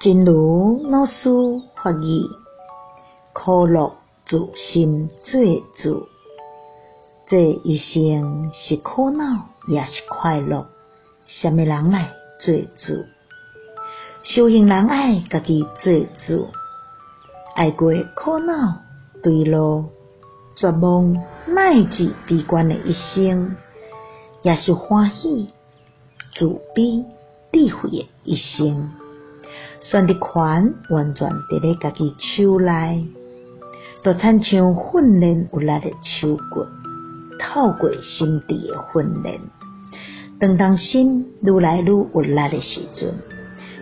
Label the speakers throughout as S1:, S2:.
S1: 真如老師法語，苦樂自心作主，這一生是苦惱也是快樂，什麼人來作主？修行人，人愛家己作主，愛過苦惱、墮落、絕望、乃至悲觀的一生，也是歡喜、慈悲、智慧的一生。選擇權完全佇咧家己手內，著親像訓練有力誒手骨，透過心智誒訓練，當當心愈來愈有力誒時陣，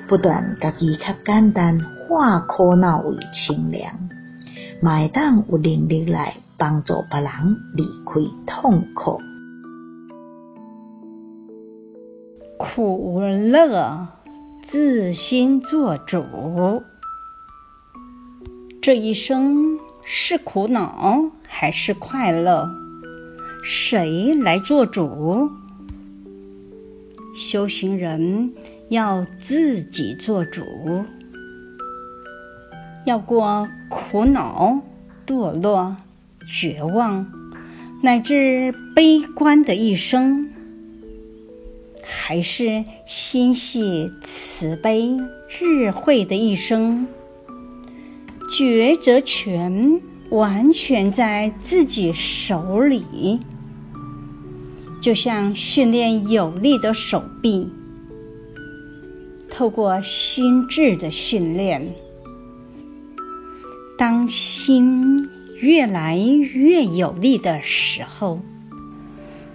S1: 不但家己較簡單，化苦惱為清涼，賣當有能力來幫助別人離開痛苦，苦
S2: 樂。自心作主，這一生是苦惱還是快樂，誰來作主？修行人要自己作主，要過苦惱、墮落、絕望，乃至悲觀的一生，還是欣喜、慈慈悲智慧的一生，抉擇權完全在自己手裡。就像訓練有力的手臂，透過心智的訓練，當心越來越有力的時候。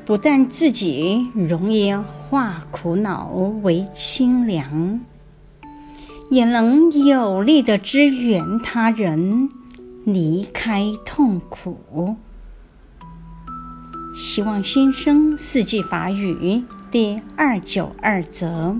S2: 不但自己容易化苦惱為清涼，也能有力地支援他人離開痛苦。希望新生四季法語第二九二則。